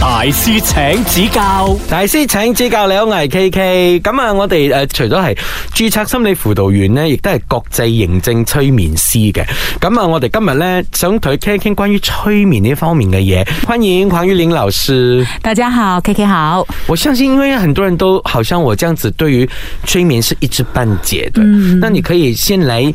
大師請指教，大師請指教，你好，我係 K K。咁啊，我哋誒、呃，除咗係注冊心理輔導員呢亦都係國際認證催眠師嘅。咁啊，我哋今日呢，想同佢傾一傾關於催眠呢方面嘅嘢。歡迎黃玉玲老師，大家好，K K 好。我相信，因為很多人都好像我這樣子，對於催眠是一知半解的。嗯、那你可以先嚟。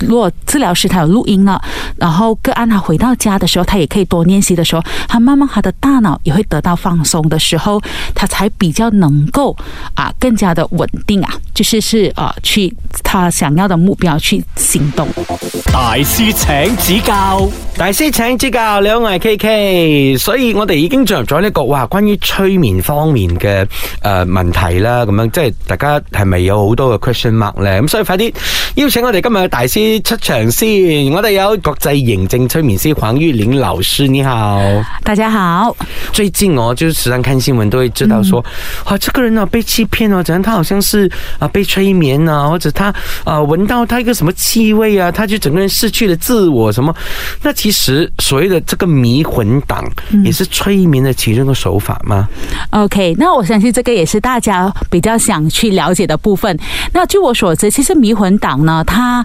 如果治療師他有錄音啦，然後個案他回到家的時候，他也可以多練習的時候，他慢慢他的大腦也會得到放鬆的時候，他才比較能夠啊更加的穩定啊，就是是啊去他想要的目標去行動。大師請指教，大師請指教，你好，我係 KK，所以我哋已經進入咗呢個哇關於催眠方面嘅誒、呃、問題啦，咁樣即係大家係咪有好多嘅 question mark 咧？咁所以快啲邀請我哋今日嘅大師。出場先，我哋有國際認證催眠師黃玉玲老師，你好，大家好。最近哦，就是時常看新聞，都會知道說，嗯、啊，這個人呢、啊、被欺騙了，怎樣？他好像是啊被催眠啊，或者他啊聞、呃、到他一個什麼氣味啊，他就整個人失去了自我。什麼？那其實所謂的這個迷魂黨也是催眠的其中一個手法嗎、嗯、？OK，那我相信這個也是大家比較想去了解的部分。那據我所知，其實迷魂黨呢，他。